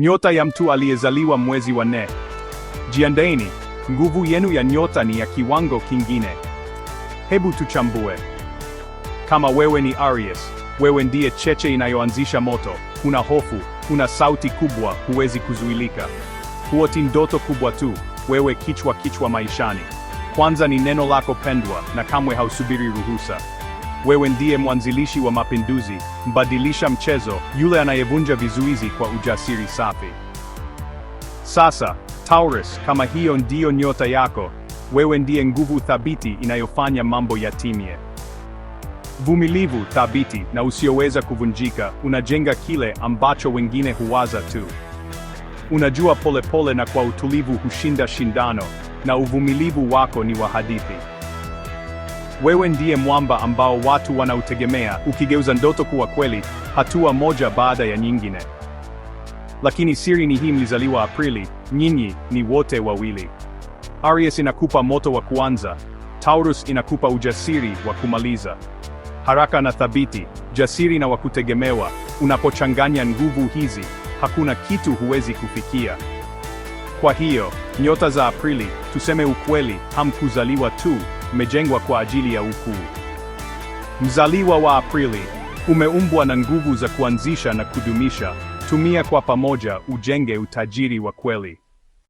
Nyota ya mtu aliyezaliwa mwezi wa nne. Jiandaini, nguvu yenu ya nyota ni ya kiwango kingine. Hebu tuchambue. Kama wewe ni Aries, wewe ndiye cheche inayoanzisha moto. Una hofu, una sauti kubwa, huwezi kuzuilika. Huoti ndoto kubwa tu, wewe kichwa kichwa maishani. Kwanza ni neno lako pendwa, na kamwe hausubiri ruhusa. Wewe ndiye mwanzilishi wa mapinduzi, mbadilisha mchezo, yule anayevunja vizuizi kwa ujasiri safi. Sasa, Taurus, kama hiyo ndiyo nyota yako, wewe ndiye nguvu thabiti inayofanya mambo yatimie. Vumilivu thabiti na usioweza kuvunjika, unajenga kile ambacho wengine huwaza tu. Unajua, polepole pole na kwa utulivu hushinda shindano, na uvumilivu wako ni wa hadithi. Wewe ndiye mwamba ambao watu wanautegemea, ukigeuza ndoto kuwa kweli, hatua moja baada ya nyingine. Lakini siri ni hii, mlizaliwa Aprili, nyinyi ni wote wawili. Aries inakupa moto wa kuanza, Taurus inakupa ujasiri wa kumaliza. Haraka na thabiti, jasiri na wa kutegemewa, unapochanganya nguvu hizi, hakuna kitu huwezi kufikia. Kwa hiyo, nyota za Aprili, tuseme ukweli, hamkuzaliwa tu umejengwa kwa ajili ya ukuu. Mzaliwa wa Aprili, umeumbwa na nguvu za kuanzisha na kudumisha. Tumia kwa pamoja ujenge utajiri wa kweli.